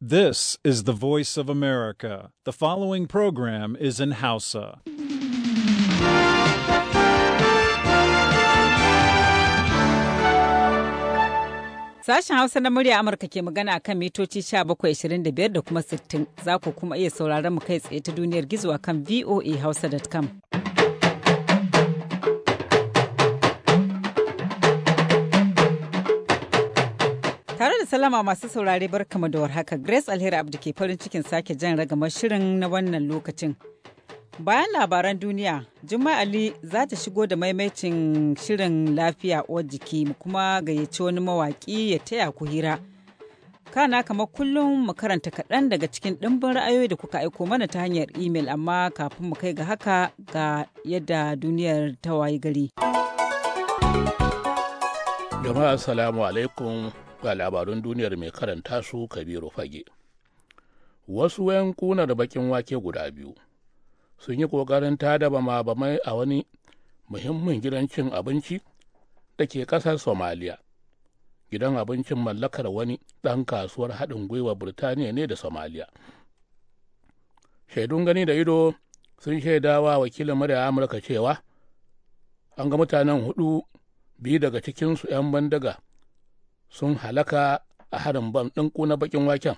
This is the voice of America. The following program is in Hausa. Sashen Hausa na murya Amurka ke magana kan mitoci 1725 da kuma 60 za ku kuma iya sauraron mu kai tsaye ta duniyar gizo a kan voahausa.com. Tare da salama masu saurare barkama da warhaka Grace Alheri Abdu ke farin cikin sake jan ragamar shirin na wannan lokacin. Bayan labaran duniya, Juma Ali za ta shigo da maimaicin shirin lafiya uwar jiki kuma gayyaci wani mawaƙi ya taya ku hira. Kana kama kullum mu karanta kaɗan daga cikin ɗimbin ra'ayoyi da kuka aiko mana ta hanyar imel amma kafin mu kai ga haka ga yadda duniyar ta wayi gari. Jama'a salamu alaikum ga labarun duniyar mai karanta su kabiru fage wasu 'yan kunar bakin wake guda biyu sun yi ƙoƙarin tada bama bamai a wani muhimmin gidan cin abinci da ke ƙasar somaliya gidan abincin mallakar wani ɗan kasuwar haɗin gwiwa birtaniya ne da somaliya shaidun gani da ido sun shaidawa wakilin murya amurka cewa an ga mutanen hudu biyu daga cikinsu 'yan bandaga sun halaka a harin bam ɗin na baƙin waken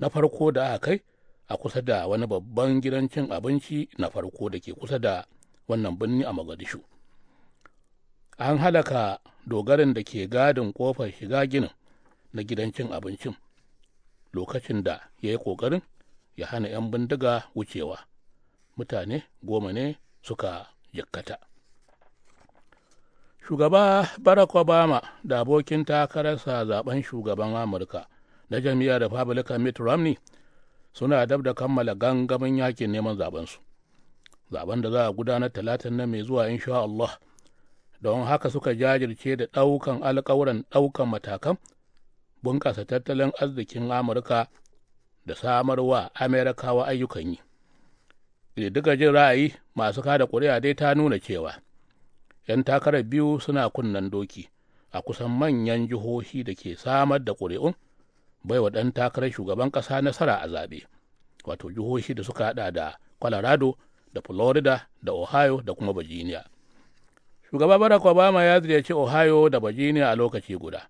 na farko da aka kai a kusa da wani babban gidan cin abinci na farko da ke kusa da wannan birni a mogadishu an halaka dogarin da ke gadin kofar shiga ginin na gidan cin abincin lokacin da ya yi ƙoƙarin ya hana 'yan bindiga wucewa mutane goma ne suka jikkata shugaba barack obama da abokin takararsa zaben shugaban amurka na jam'iyyar republican mitt romney suna dab da kammala gangamin yakin neman zabensu zaben da za a gudanar talatin nan mai zuwa insha Allah don haka suka jajirce da ɗaukan alkawuran ɗaukan matakan bunƙasa tattalin arzikin amurka da samarwa amerikawa ayyukan yi duka jin ra'ayi masu kada ƙuri'a dai ta nuna cewa 'yan takarar biyu suna kunnen doki a kusan manyan jihohi da ke samar da ƙuri'un baiwa ɗan takarar shugaban ƙasa nasara a zaɓe wato jihohi da suka haɗa da colorado da florida da ohio da kuma virginia shugaba barack obama ya ziyarci ohio da virginia a lokaci guda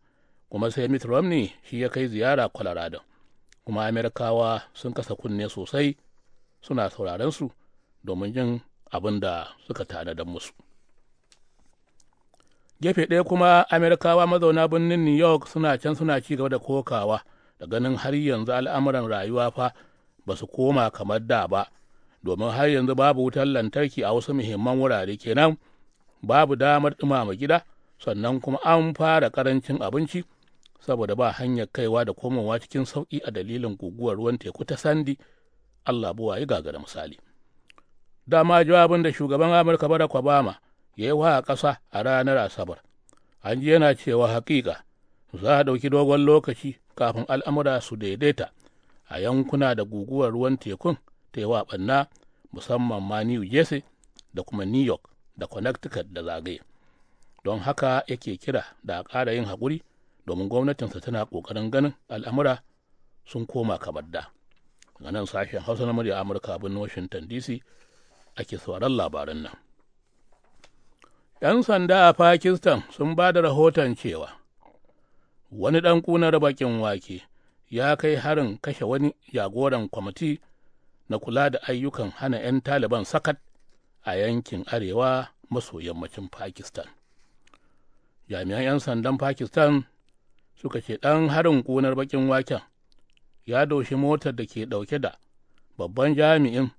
kuma sai mitt romney shi ya kai ziyara colorado kuma amerikawa sun kasa kunne sosai suna sauraron su domin jin abin da suka tanadar musu gefe ɗaya kuma amerikawa mazauna birnin new york suna can suna ci gaba da kokawa da ganin har yanzu al'amuran rayuwa fa ba su koma kamar da ba domin har yanzu babu wutar lantarki a wasu muhimman wurare kenan babu damar dumama gida sannan kuma an fara ƙarancin abinci saboda ba hanyar kaiwa da komowa cikin sauƙi a dalilin guguwar ruwan teku ta sandi allah buwaye gagara misali dama jawabin da shugaban amurka barack obama ya yi wa ƙasa a ranar asabar an ji yana cewa hakika za a ɗauki dogon lokaci kafin al'amura su daidaita a yankuna da guguwar ruwan tekun ta yi wa ɓanna musamman ma new jersey da kuma new york da connecticut da zagaye don haka yake kira da a ƙara yin haƙuri domin gwamnatinsa tana ƙoƙarin ganin al'amura sun koma kamar da ganin sashen hausa na murya amurka birnin washington dc ake sauran labaran nan ‘Yan sanda a Pakistan sun ba da rahoton cewa wani ɗan ƙunar baƙin wake ya kai harin kashe wani jagoran kwamiti na kula da ayyukan hana 'yan Taliban sakat a yankin arewa maso yammacin Pakistan. Jami'an 'yan sandan Pakistan suka ce ɗan harin ƙunar baƙin waken ya doshi motar da ke ɗauke da babban jami'in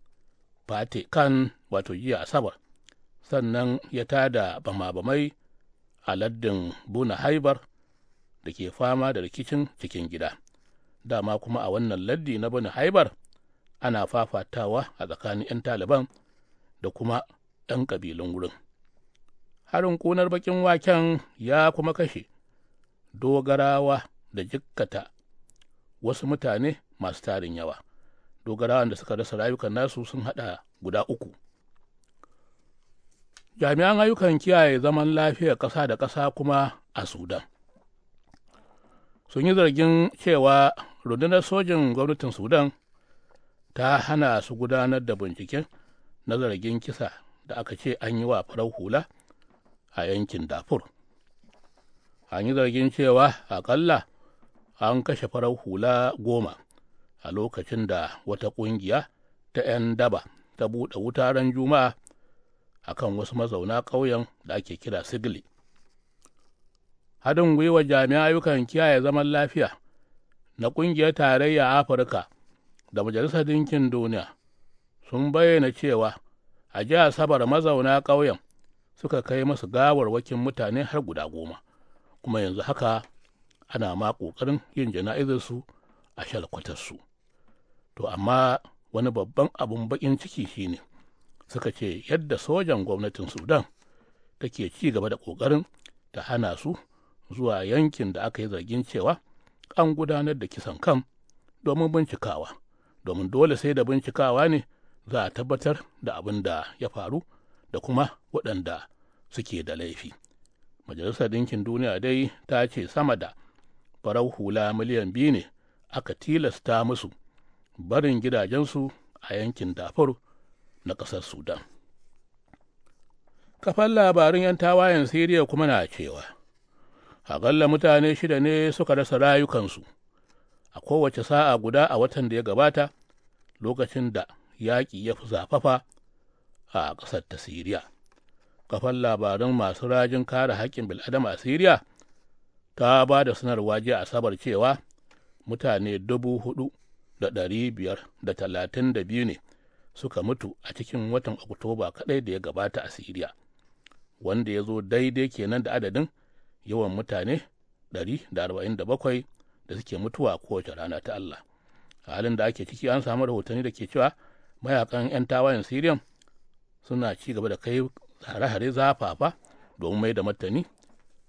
fatikan wato jiya Asabar sannan ya tada bama-bamai a laddin buna haibar da ke fama da rikicin cikin gida dama kuma a wannan laddi na buna haibar ana fafatawa a tsakanin 'yan taliban da kuma 'yan kabilun wurin harin ƙunar bakin waken ya kuma kashe dogarawa da jikkata wasu mutane masu tarin yawa dogarawa da suka rasa rayukan nasu sun haɗa guda uku jami'an ayyukan kiyaye zaman lafiyar ƙasa da ƙasa kuma a sudan sun yi zargin cewa rundunar sojin gwamnatin sudan ta hana su gudanar da binciken na zargin kisa da aka ce an yi wa farar hula a yankin dafur an yi zargin cewa akalla an kashe farar hula goma a lokacin da wata ƙungiya ta 'yan daba ta buɗe wutaren juma'a akan wasu mazauna ƙauyen da ake kira Sigli. haɗin gwiwa jami'a ayyukan kiyaye zaman lafiya na ƙungiyar tarayya afirka da majalisar dinkin duniya sun bayyana cewa a jiya asabar mazauna ƙauyen suka kai masu gawarwakin mutane har guda goma kuma yanzu haka ana ma ƙoƙarin yin jana'izarsu a shalkwatarsu to amma wani babban abun baƙin ciki shine suka ce yadda sojan gwamnatin sudan take ci gaba da ƙoƙarin ta hana su zuwa yankin da aka yi zargin cewa an gudanar da kisan kan domin bincikawa domin dole sai da bincikawa ne za a tabbatar da abin da ya faru da kuma waɗanda suke da laifi majalisar ɗinkin duniya dai ta ce sama da farau hula miliyan biyu ne aka tilasta musu barin gidajensu a yankin dafur na ƙasar sudan kafan labarin 'yan tawayen siriya kuma na cewa aƙalla mutane shida ne suka rasa rayukansu a kowace sa'a guda a watan da ya gabata lokacin da yaƙi ya fi zafafa a ƙasar ta siriya kafan labarin masu rajin kare haƙƙin bil'adama a siriya ta ba da sanarwa jiya asabar cewa mutane dubu hudu da ɗari biyar da talatin da biyu ne suka mutu a cikin watan oktoba kadai da ya gabata a siriya wanda ya zo daidai kenan da adadin yawan mutane 147 da suke mutuwa kowace rana ta allah a halin da ake ciki an samu rahotanni da ke cewa mayakan 'yan tawayen siriyan suna ci gaba da kai hare-hare zafafa domin mai da matani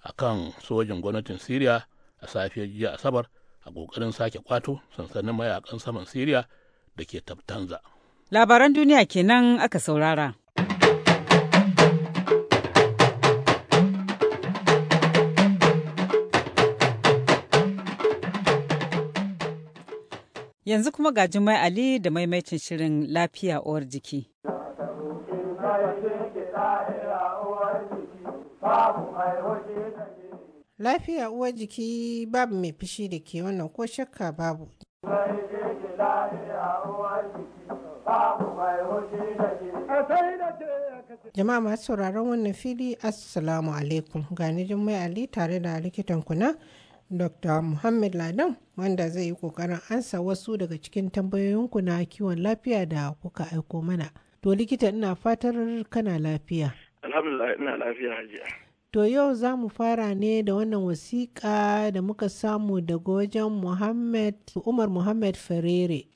a kan sojin gwamnatin siriya a safiyar jiya asabar a ƙoƙarin sake kwato sansanin mayakan saman siriya da ke tabtanza Labaran duniya kenan aka saurara. Yanzu kuma ga Jumai Ali da maimaitin shirin lafiya uwar jiki. Lafiya uwar jiki babu mai fushi da ke wannan ko shakka babu. Jama'a masu sauraron wannan fili Assalamu alaikum gani Jummai Ali tare da likitan kuna Dr. Muhammad Ladan wanda zai yi kokarin ansa wasu daga cikin tambayoyin na kiwon lafiya da kuka aiko mana. To likita ina fatar kana lafiya. Alhamdulillah ina lafiya hajiya. To yau za mu fara ne da wannan wasiƙa da muka samu daga wajen Muhammad Umar Muhammad Ferere.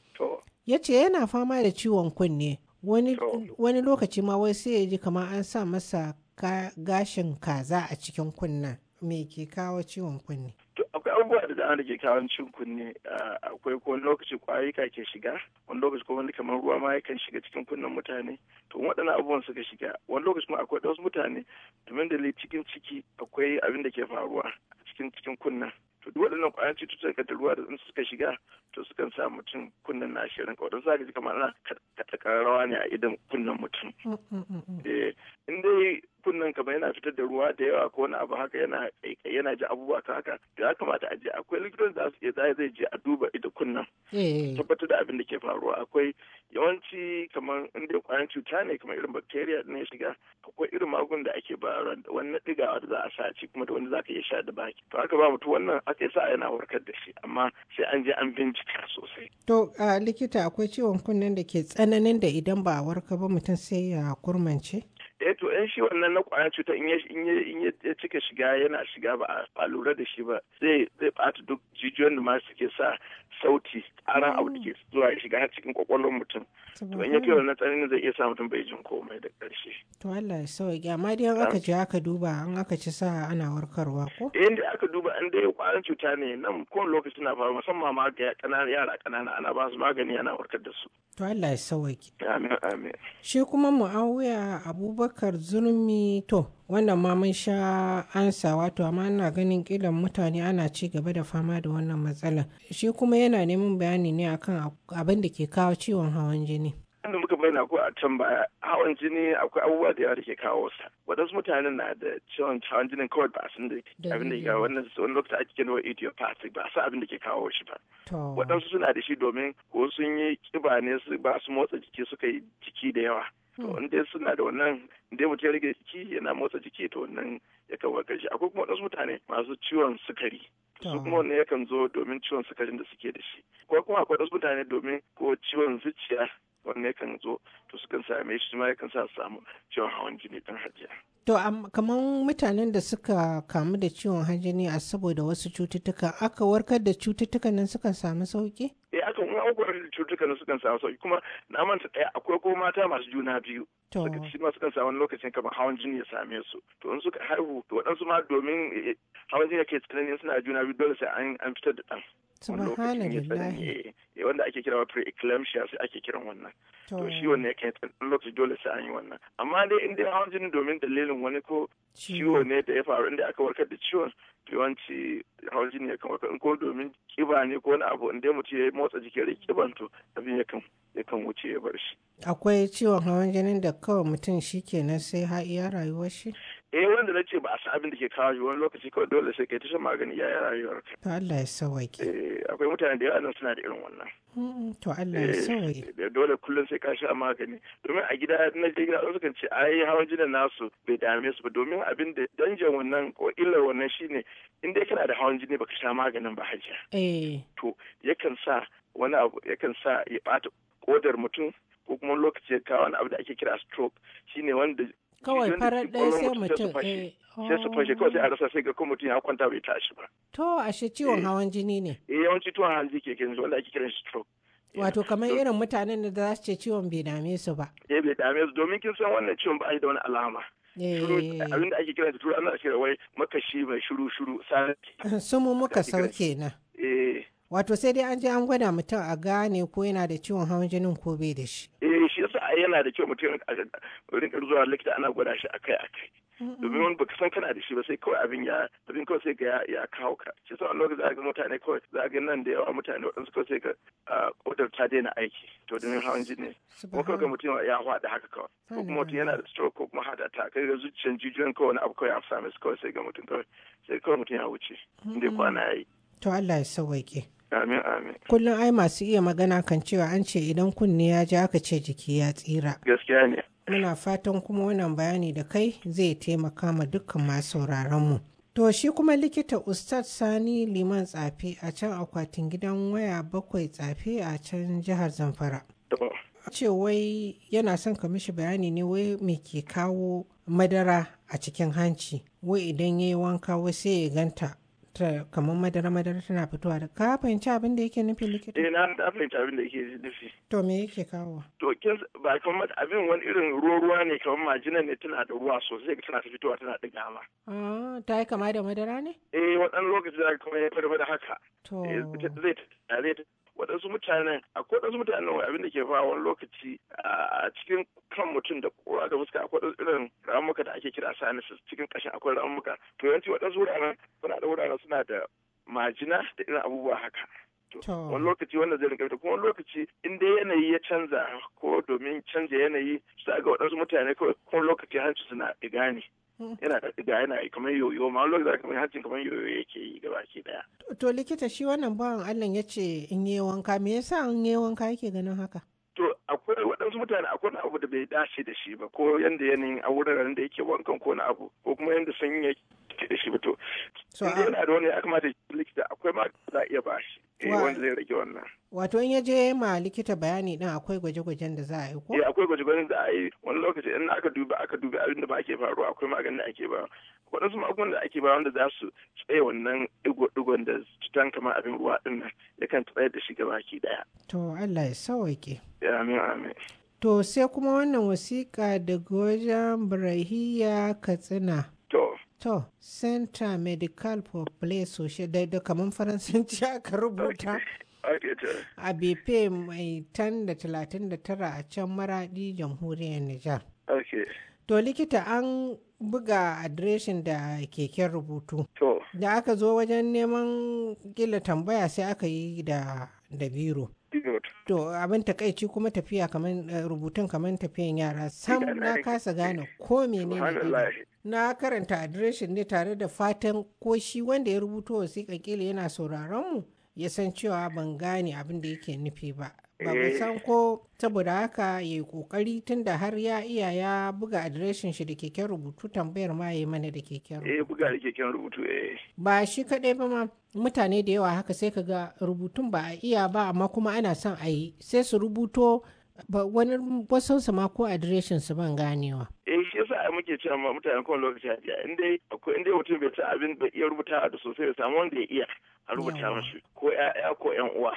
Ya ce yana fama da ciwon kunne wani lokaci ma wai sai ya ji kama an sa masa gashin kaza a cikin kunna me ke kawo ciwon kunne akwai abubuwa da dama da ke kawo ciwon kunne ah, akwai ko wani lokaci ka ke shiga wani lokaci ko wani kamar ruwa ma yakan shiga cikin kunnen mutane to waɗannan abubuwan suka shiga wani lokaci kuma akwai wasu mutane domin da cikin ciki akwai abin da ke faruwa cikin cikin kunna to duk waɗannan ƙwayar cututtuka ta ruwa da in suka shiga to sukan sa mutum kunnen na shirin kawai za ka ji kamar ana kaɗa rawa ne a idan kunnen mutum mm, mm, mm, eh, in dai kunnen ka yana fitar da ruwa da yawa ko wani abu haka yana kaikai yana ji abubuwa ta haka ya kamata a je akwai likitan da su iya zai je a duba ita kunnen eh. tabbatar da abin da ke faruwa akwai yawanci kamar inda kwayan cuta ne kamar irin bacteria ne shiga akwai irin magun da ake ba wannan digawa da za a sha ci kuma da wanda za ka iya sha da baki to haka ba mutu wannan aka sa yana warkar da shi amma sai an je an bincika sosai to likita akwai ciwon kunnen da ke tsananin da idan ba a warka ba mutum sai ya kurmance eh to in shi wannan na kwayar cuta in ya in ya cika shiga yana shiga ba a lura da shi ba zai zai bata duk jijiyoyin da masu suke sa sauti aran abu da ke zuwa shiga har cikin kwakwalwar mutum to in ya kai wannan tsananin zai iya sa mutum bai jin komai da ƙarshe to Allah ya sauke amma dai an aka ji aka duba an aka ci sa ana warkarwa ko eh da aka duba an dai kwayar cuta ne nan kowane lokaci na faruwa musamman ma ga ƙananan yara ƙanana ana ba su magani ana warkar da su to Allah ya sauke amin amin shi kuma mu'awiya abubakar abubakar zurmi to wannan ma mun sha ansa wato amma ana ganin kilan mutane ana ci gaba da fama da wannan matsalar shi kuma yana neman bayani ne akan abin da ke kawo ciwon hawan jini da muka bayyana ko a can baya hawan jini akwai abubuwa da yawa da ke kawo sa waɗansu mutane na da ciwon hawan jinin kawai ba sun da abin da ke kawo wannan wani lokaci ake kira idiopathic ba su abin da ke kawo shi ba waɗansu suna da shi domin ko sun yi kiba ne su ba su motsa jiki suka yi jiki da yawa to hmm. in dai suna da wannan dai mutum ya rage jiki yana motsa jiki to wannan kan warkar shi akwai kuma wasu mutane masu ciwon sukari su kuma wannan yakan zo domin ciwon sukarin da suke da shi ko kuma akwai wasu mutane domin ko ciwon zuciya wannan yakan zo to sukan same shi ma yakan sa su samu ciwon hawan jini dan hajiya To, kamar mutanen da suka kamu da ciwon hanjini a saboda wasu cututtuka, aka warkar da cututtukan nan suka samu sauki? Eh, aka warkar da cututtukan nan suka samu sauki kuma na manta ɗaya eh, akwai ko mata masu juna biyu. Suka ci ma suka samu lokacin kamar hawan jini ya same su. To, in suka haihu, to waɗansu ma domin eh, hawan jini ke tsananin suna juna biyu dole sai an fitar da ɗan. wanda ake kira pre-eclampsia sai ake kiran wannan to shi wannan kai ɗan lokaci dole sai an yi wannan amma dai inda ya hawan jini domin dalilin wani ko ciwo ne da ya faru inda aka warkar da ciwon yawanci hawan jini ya kan warkar ko domin kiba ne ko wani abu inda dai mutum ya motsa jiki ya kiban to abin yakan kan wuce ya bar shi akwai ciwon hawan jinin da kawai mutum shi kenan sai ha iya rayuwar shi eh wanda na ce ba a san abin da ke kawo shi wani lokaci kawai dole sai kai ta shan magani ya yi rayuwar to Allah ya sauwaƙe eh akwai mutane da yawa nan suna da irin wannan to Allah ya eh, sauwaƙe da dole kullum sai ka sha magani domin a gida na je gida sukan ce ai hawan jinin nasu bai dame su ba domin abin da danjan wannan ko illar wannan shine in dai kana da hawan jini baka sha maganin ba hajiya eh to yakan sa wani abu yakan sa ya bata kodar mutum ko kuma lokaci ya kawo wani abu da ake kira stroke shine wanda kawai farar ɗaya sai mutum eh, sai su fashe kawai sai a rasa sai ga kuma mutum ya kwanta bai tashi ba to ashe ciwon eh. hawan jini ne eh yawanci ciwon hawan jini ke kin wanda ake kiran stroke wato kamar irin mutanen da za su ce ciwon bai dame su ba eh bai dame su domin kin san wannan ciwon ba da wani alama eh. abin da ake kira da turu ana kira wai makashi mai shuru shuru sun mu muka sauke na wato sai dai an je an gwada mutum a gane ko yana da ciwon hawan jinin ko bai da shi eh yana da kyau mutum rinka zuwa likita ana gwada shi akai akai domin wani baka san kana da shi ba sai kawai abin ya abin kawai sai ga ya kawo ka shi sa lokaci za ga mutane kawai za ga nan da yawa mutane waɗansu kawai sai ga kodar ta daina aiki to domin hawan jini ko kawai ga mutum ya haɗa haka kawai ko kuma mutum yana da stroke ko kuma haɗa ta kai ga zuciyar jijiyoyin kawai wani abu kawai ya same su kawai sai ga mutum kawai sai kawai mutum ya wuce inda kwana ya yi. to Allah ya sauwaƙe. Kullum ai masu iya magana kan cewa an ce idan kunne ya ji aka ce jiki ya tsira. Gaskiya ne. Muna fatan kuma wannan bayani da kai zai taimaka ma dukkan masu mu. To shi kuma likita Ustad Sani Liman Tsafe a can akwatin gidan waya bakwai Tsafe a can jihar Zamfara. Ce wai yana son ka mishi bayani ne wai me ke kawo madara a cikin hanci, wai idan ya yi wanka wai sai ya ganta ta kamar madara madara tana fitowa da ka fahimci abin da yake nufi likita eh na da fahimci abin da yake nufi to me yake kawo to kin ba kamar abin wani irin ruwa ruwa ne kamar majina ne tana da ruwa sosai tana ta fitowa tana da gama. ah ta yi kama da madara ne eh wadannan lokacin da kuma ya fara da haka to eh, zai zai waɗansu mutanen akwai waɗansu mutanen abin da ke faruwa wani lokaci a cikin kan mutum da kura da fuska akwai waɗansu irin ramuka da ake kira sinuses cikin ƙashin akwai ramuka to yanci waɗansu wuraren suna da wuraren suna da majina da irin abubuwa haka. wani lokaci wanda zai rinka kuma wani lokaci in dai yanayi ya canza ko domin canza yanayi su ga waɗansu mutane kawai kuma lokaci hanci suna ɗiga ne yana da tsiga yana kamar yoyo ma wani da kamar hancin kamar yoyo yake yi gaba ke daya. to likita shi wannan bawan allah ya ce in yi wanka me yasa in yi wanka yake ganin haka. to akwai wasu mutane akwai abu da bai dace da shi ba ko yadda yanayin a wuraren da yake wankan ko na abu ko kuma yadda sun yi ke da shi ba to inda ah, yana da wani ya kamata likita akwai ma za a iya ba shi eh wanda zai rage wannan wato in ya je ma likita bayani din akwai gwaje-gwajen da za a yi ko eh akwai gwaje-gwajen da a yi wani lokaci in aka duba aka duba abin da ba ke faruwa akwai maganin da ake ba waɗansu magungunan da ake ba wanda za su tsaye wannan digo-digon da cutan kama abin ruwa din nan kan tsaye da shi gaba ki daya to Allah ya sauke amin amin To sai kuma wannan wasiƙa daga wajen Barahiya Katsina. To. To, Center Medical for Play Social daidai kamar Faransanci aka rubuta. A Bepe mai tan da talatin da tara a can maraɗi jamhuriyar Nijar. To likita an buga adireshin da keken rubutu. Da aka zo wajen neman gila tambaya sai aka yi da biro. To abin takaici kuma tafiya kamar eh, rubutun kamar tafiyan yara sam na kasa gane ko ne na karanta adireshin ne tare da fatan ko shi wanda ya rubuto wasiƙa kila yana sauraron mu ya san cewa ban gane abin da yake nufi ba ba mu eh. san ko saboda haka ya yi kokari tun da har ya iya ya buga adireshin shi da keken rubutu tambayar ma ya yi mana da keken eh, rubutu. Eh buga da keken rubutu eh. Ba shi kaɗai ba ma mutane da yawa haka sai ka ga rubutun ba a iya ba amma kuma ana son a yi sai su rubuto ba wani wasan su ma ko adireshin su ban ganewa. Eh shi yasa muke cewa ma mutane kawai lokaci a in dai akwai in dai mutum bai ci abin bai iya rubutawa da sosai ya samu wanda ya iya. a rubuta musu ko ya'ya ko yan uwa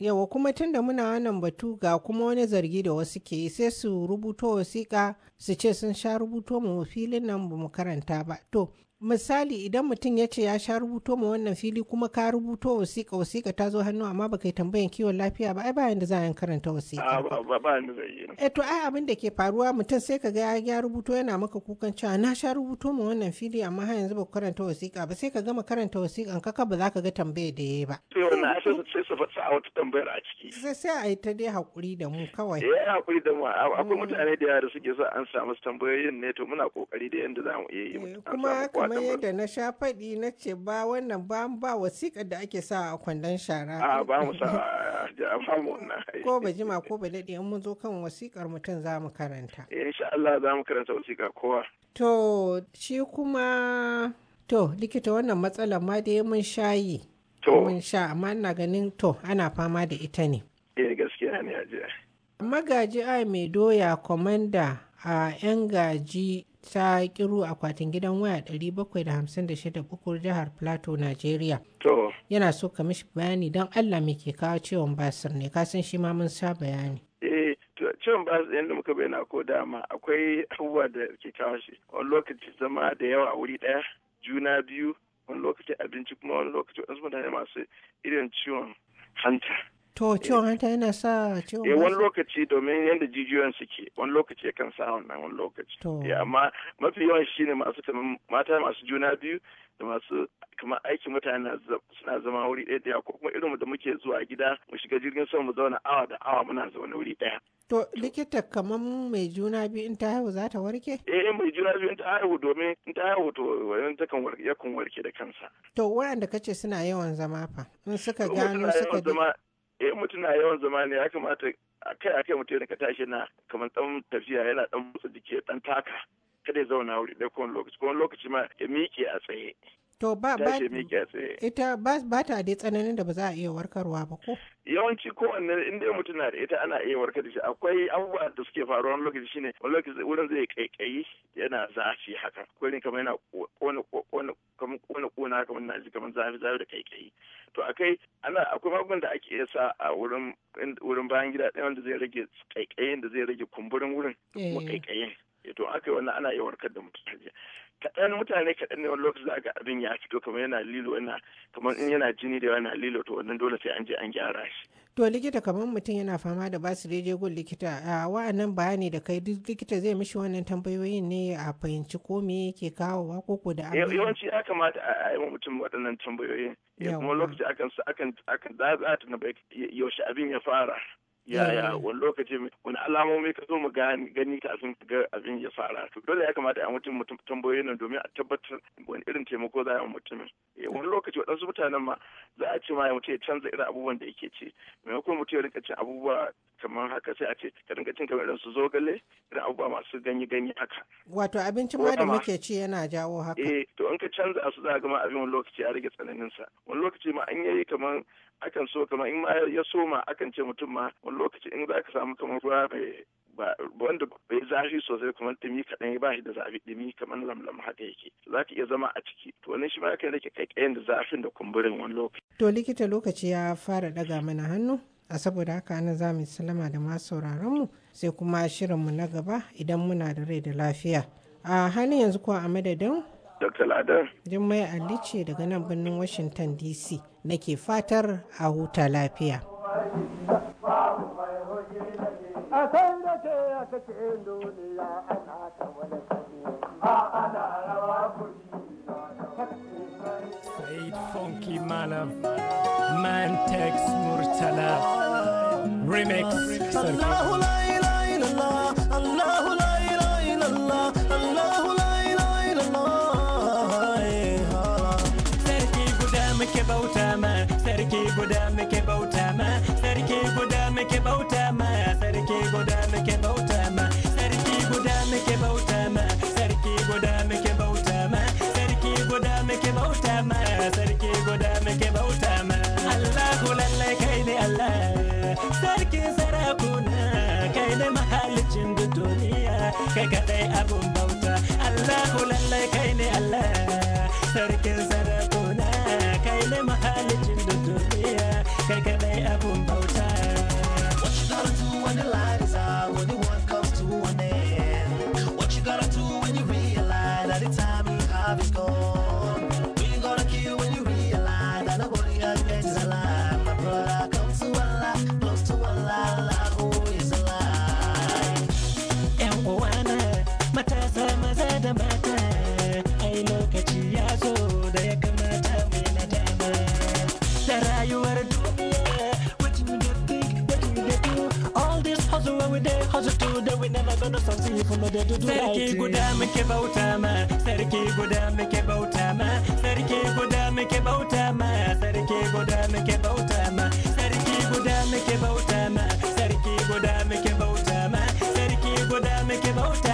yawa kuma tun da muna wannan batu ga kuma wani zargi da wasu ke sai su rubuto wasiƙa su ce sun sha rubuto mu filin nan ba mu karanta ba to misali idan mutum ya ce ya sha rubuto ma wannan fili kuma ka rubuto wasiƙa wasiƙa ta zo hannu amma baka yi tambayan kiwon lafiya ba ai bayan da za a karanta wasiƙa ah, ba da zai yi eh to ai abin da ke faruwa mutum sai ka ga ya rubuto yana maka kukan cewa na sha rubuto ma wannan fili amma har yanzu ba karanta wasiƙa ba sai ka gama karanta wasiƙan ka ba za ka ga tambaya da yayi ba sai wannan sai su wata tambayar a ciki sai sai a yi ta dai hakuri da mu kawai eh hakuri da mu akwai mm. mutane da yara suke sa an samu tambayoyin ne to muna kokari da yanda za mu iya yi eh, kuma kamar yadda na sha faɗi na ce ba wannan ba ba wasiƙar da ake sa a kwandon shara a ba mu sa a famu wannan ko ba jima ko ba daɗe in mun zo kan wasiƙar mutum za mu karanta eh, insha Allah za mu karanta wasiƙa kowa to shi kuma to likita wannan matsalar ma dai mun shayi to mun sha amma ina ganin to ana fama da ita ne eh gaskiya ne ajiya magaji a mai doya komanda a yan gaji ta kiro akwatin gidan waya 756 bukur jihar plateau nigeria yana so ka mishi bayani don allah mai ke kawo ciwon basir ne kasan shi ma mun sa bayani eh ciwon basir yadda muka bayyana ko dama akwai abubuwa da ke kawo shi wani lokaci zama da yawa a wuri daya juna biyu wani lokaci abinci kuma wani lokaci wasu mutane masu irin ciwon hanta To ciwon hanta yana sa ciwon eh, hanta? wani lokaci domin yadda jijiyoyin suke wani lokaci yakan sa wannan wani lokaci. To. Ya eh, amma mafi yawan shi ne masu kamar mata masu juna biyu da masu kamar aikin mutane suna zama wuri ɗaya ɗaya ko kuma irin da muke zuwa gida mu shiga jirgin sama mu zauna awa da awa muna zaune wuri ɗaya. To likita kamar mai juna biyu in ta haihu za ta warke? Eh mai juna biyu in ta haihu domin in ta haihu to wani ta kan warke da kansa. To waɗanda kace suna yawan zama fa in suka gano suka eh mutuna yawan zama ne ya kamata akai akai mutum ka tashi na kamar dan tafiya yana dan motsa jiki dan taka kada ya zauna wuri ɗaya kowane lokaci kowane lokaci ma ya miƙe a tsaye To ba ba ita ba ba ta dai tsananin da ba za a iya warkarwa ba ko? Yawanci ko wanne inda mutum na da ita ana iya warkar da shi akwai abubuwa da suke faruwa wani lokaci shine wani lokaci wurin zai kaikayi yana zafi haka ko ne kamar yana kona kona kamar kona kona haka kamar naji kamar zafi zafi da kaikayi. To akai ana akwai magungunan da ake iya sa a wurin wurin bayan gida ɗaya wanda zai rage kaikayin da zai rage kumburin wurin kuma kaikayin. Eh. Eh, to akai wannan ana iya warkar da mutum kaɗan mutane kaɗan ne wani lokaci za ga abin ya fito kamar yana lilo yana kamar in yana jini da yana lilo to wannan dole sai an je an gyara shi. To likita kamar mutum yana fama da basu gun likita a wa'annan bayani da kai duk likita zai mishi wannan tambayoyin ne a fahimci ko me yake kawo wa koko da abin. Eh, yawanci ya kamata a yi wa mutum waɗannan tambayoyin. Ya kuma lokaci akan akan akan za a yaushe abin ya fara. yaya wani lokaci wani alamomi ka zo mu gani kafin ka ga abin ya fara to dole ya kamata a mutum mutum tambayoyin nan domin a tabbatar wani irin taimako za a mutumin eh, wani lokaci waɗansu mutanen ma za a ce ma ya mutum ya canza irin abubuwan da yake ci maimakon mutum ya rinka cin abubuwa kamar haka sai a ce ka dinga cin kamar su zogale da abubuwa masu ganye ganye haka wato abincin ma da muke ci yana jawo haka eh to in ka canza su za ga ma abin wani lokaci a rage tsananin sa wani lokaci ma an yayi kamar akan so kamar in ma ya soma akan ce mutum ma wani lokaci in za ka samu kamar ruwa ba wanda bai zafi sosai kamar dumi kaɗan ya bashi da zafi dumi kamar lamlam haka yake za ka iya zama a ciki to wannan shi ma yakan rage kaikayen da zafin da kumburin wani lokaci. to likita lokaci ya fara daga mana hannu a saboda haka ana za mu salama da masu sauraronmu sai kuma shirinmu na gaba idan muna da rai da lafiya a halin yanzu kuwa a madadin dr ladar jimmai ali ce daga nan birnin washington dc nake fatar a huta lafiya ana rawa funky manner. Man takes Murtala. Remix. sarki guda muke bauta ma sarki guda muke bauta ma sarki guda muke bauta ma sarki guda muke bauta ma sarki guda muke bauta ma sarki guda muke bauta ma sarki guda muke bauta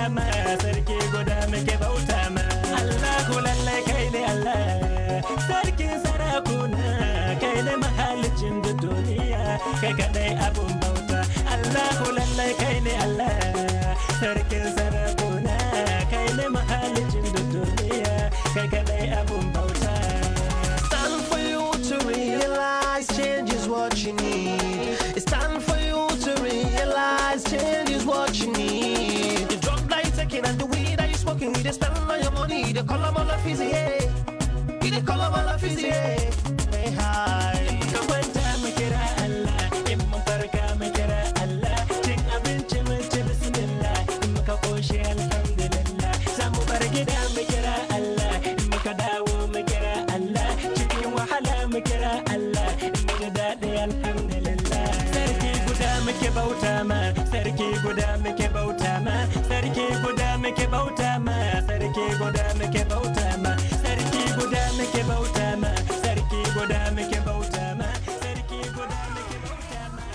muke bauta ma sarki guda muke bauta ma sarki guda muke bauta ma sarki guda muke bauta ma sarki guda muke bauta ma sarki guda muke bauta ma sarki guda muke bauta ma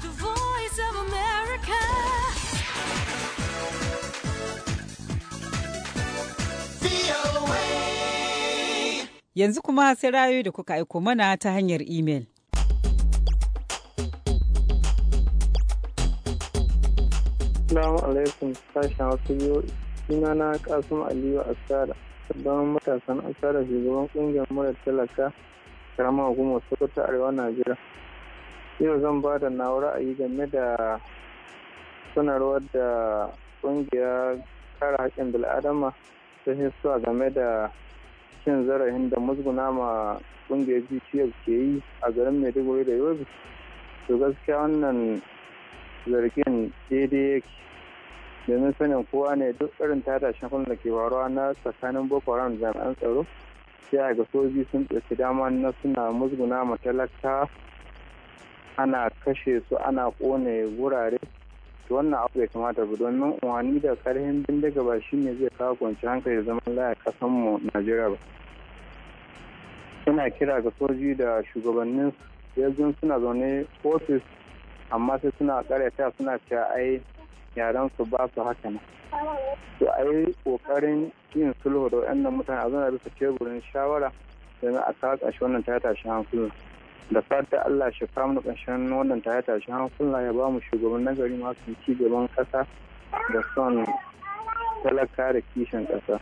The voice of America Yanzu kuma sai rayu da kuka aiko mana ta hanyar imel. Assalamu alaikum sashen wasu biyu na Kasim Aliyu Asada. Sabon matasan Asada shugaban kungiyar mura talaka karamar hukumar ta Arewa Najeriya. Yau zan ba da nawa ra'ayi game da sanarwar da kungiyar kare haƙƙin bil'adama ta hisuwa game da cin zarafin da musguna ma kungiyar GTF ke yi a garin Maiduguri da Yobe. To gaskiya wannan zargin daidai yake domin sanin kowa ne duk irin tada shafin da ke waruwa na tsakanin boko haram jami'an tsaro sai ga soji sun ɗauki dama na suna musguna matalaka ana kashe su ana ƙone wurare to wannan abu bai kamata ba domin umarni da karhin bindiga ba ne zai kawo kwanci hankali zaman laya kasan mu najeriya ba suna kira ga soji da shugabannin yanzu suna zaune ofis amma sai suna karyata suna cewa ai yaran su ba su haka nan su a yi kokarin yin sulhu da waɗannan mutane a zana bisa teburin shawara domin a kawo ƙarshen wannan ta tashi hankula da fata Allah shi kawo mu ƙarshen wannan ta tashi hankula ya ba mu shugaban nagari masu ci gaban ƙasa da son talaka da kishin ƙasa.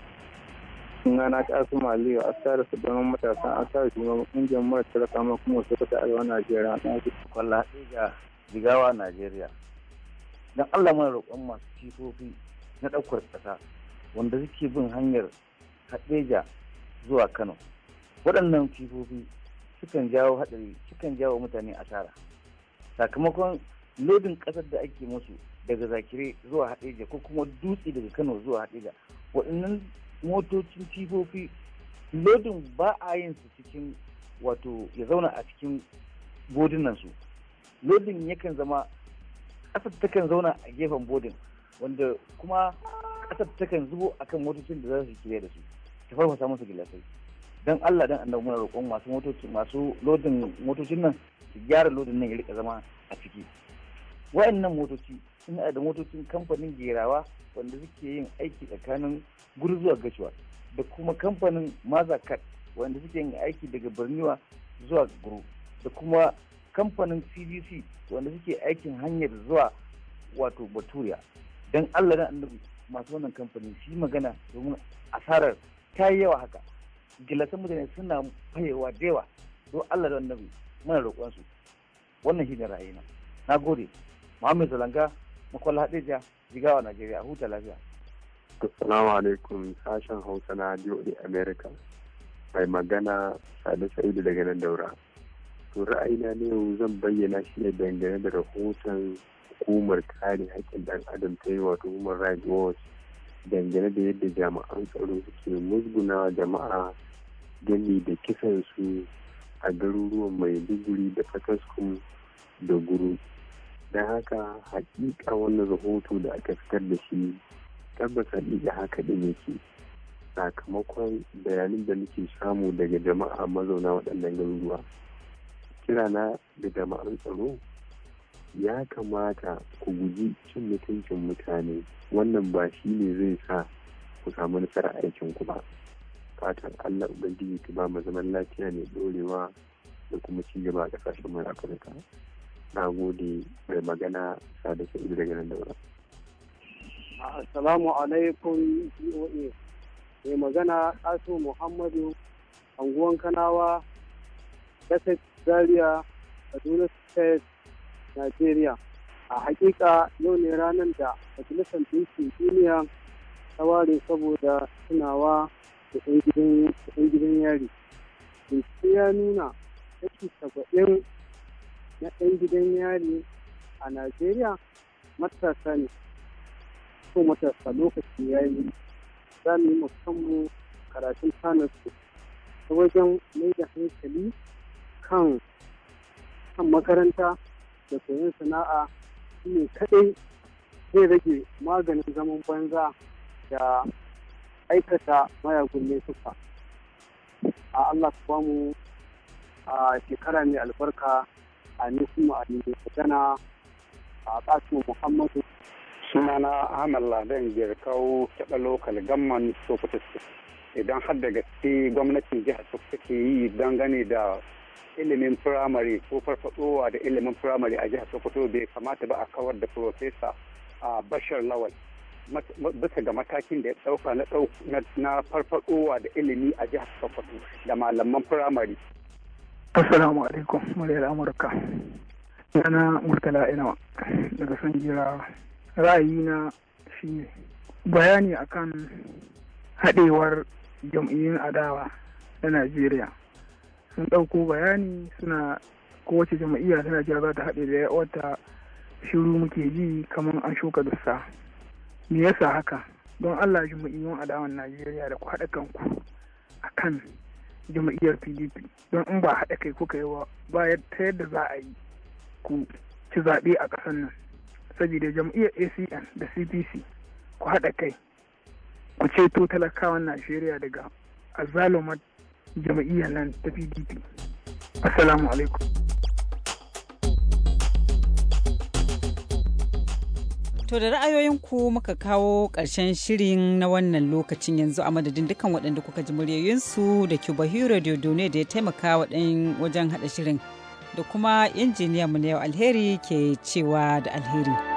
suna na ƙasa maliyu a tsara su don matasan a tsara su don ƙungiyar mara talaka kuma su fita arewa najeriya na kwallo haɗe ga jigawa najeriya don allah mana roƙon masu kifofi na ɗaukar ƙasa wanda suke bin hanyar haɗeja zuwa kano waɗannan kifofi sukan jawo haɗari sukan jawo mutane asara sakamakon lodin ƙasar da ake musu daga zakire zuwa haɗeja ko kuma dutse daga kano zuwa haɗeja waɗannan motocin kifofi lodin ba a yin su cikin wato ya zauna a cikin godinansu. lodin yakan zama ƙasar takan zauna a gefen bodin wanda kuma ƙasar takan zubo akan motocin da za su shirya da su ta samun su gilasai don Allah dan annabi muna roƙon masu masu lodin motocin nan su gyara lodin nan ya rika zama a ciki wayannan motoci suna da motocin kamfanin gerawa wanda suke yin aiki tsakanin guri zuwa gashuwa da kuma kamfanin mazakat wanda suke yin aiki daga birniwa zuwa guru da kuma kamfanin cdc wanda suke aikin hanyar zuwa wato baturiya don allah na annabi masu wannan kamfanin shi magana domin asarar ta yi yawa haka gilasan mutane suna fayewa da yawa don allah da annabi muna roƙonsu wannan shi ne rayuwa na gode muhammed zalanga makwalla hadeja jigawa najeriya huta lafiya Assalamu alaikum sashen Hausa na DOA America. Mai magana Sadu Sa'idu daga nan daura. to ra'ayina na yau zan bayyana shi ne dangane da rahoton hukumar kare haƙƙin ɗan adam ta yi wato human rights watch dangane da yadda jama'an tsaro suke musguna jama'a gani da kisan a garuruwan mai maiduguri da fataskum da guru don haka hakika wannan rahoto da aka fitar da shi tabbas hakika haka da yake sakamakon bayanin da muke samu daga jama'a mazauna waɗannan garuruwa kirana da jama'an tsaro ya kamata ku guji cin mutuncin mutane wannan ba shi ne zai sa ku samu nasara aikin ku ba fatan allah ubangiji ki ba mu zaman lafiya ne dorewa da kuma ci gaba a kasashen mu afirka na gode mai magana sada sa'idu daga nan daura assalamu alaikum voa mai magana kasu muhammadu anguwan kanawa kasar Zaria, Kaduna State, Najeriya. A hakika yau ne ranar da Majalisar Dinkin Duniya ta ware saboda tunawa da ɗan gidan yari. Bincike ya nuna kashi saba'in na ɗan gidan yari a Najeriya matasa ne. ko matasa lokaci ya yi za mu yi musamman karatun sanar ta wajen mai da hankali kan makaranta da koyon sana'a ne kaɗai zai rage maganin zaman banza da aikata mayagun suka. a Allah ta bamu a shekara mai albarka a nufin a gana a ƙasimu muhammadu sunana ahmad ladan girkau kyaɗa lokal gamman sokoto idan har da gaske gwamnatin jihar sokoto ke yi dangane da ilimin firamare ko farfadowa da ilimin firamare a jihar sokoto bai kamata ba a kawar da profesa a bashar lawal bisa ga matakin da ya ɗauka na farfadowa da ilimi a jihar sokoto da malaman firamare assalamu alaikum muryar amurka yana murtala inawa daga son jira ra'ayina shi bayani akan haɗewar jam'iyyun adawa na najeriya sun ɗauko bayani suna kowace jama'iyya tana cewa za ta haɗe da wata shiru muke ji kamar an shuka dusa me yasa haka don allah jama'iyyun adawan najeriya da ku haɗa kanku a kan jama'iyyar pdp don in ba haɗa kai kuka yi wa ba ta yadda za a yi ku ci zaɓe a ƙasar nan saboda jam'iyyar acn da cpc ku haɗa kai ku ceto talakawan najeriya daga azalumar jama'iyya nan ta pdp assalamu alaikum To da ra'ayoyinku muka kawo ƙarshen shirin na wannan lokacin yanzu a madadin dukkan waɗanda kuka ji muryoyinsu da Cuba Hero Dune da ya taimaka wajen haɗa shirin da kuma injiniyanmu na yau alheri ke cewa da alheri.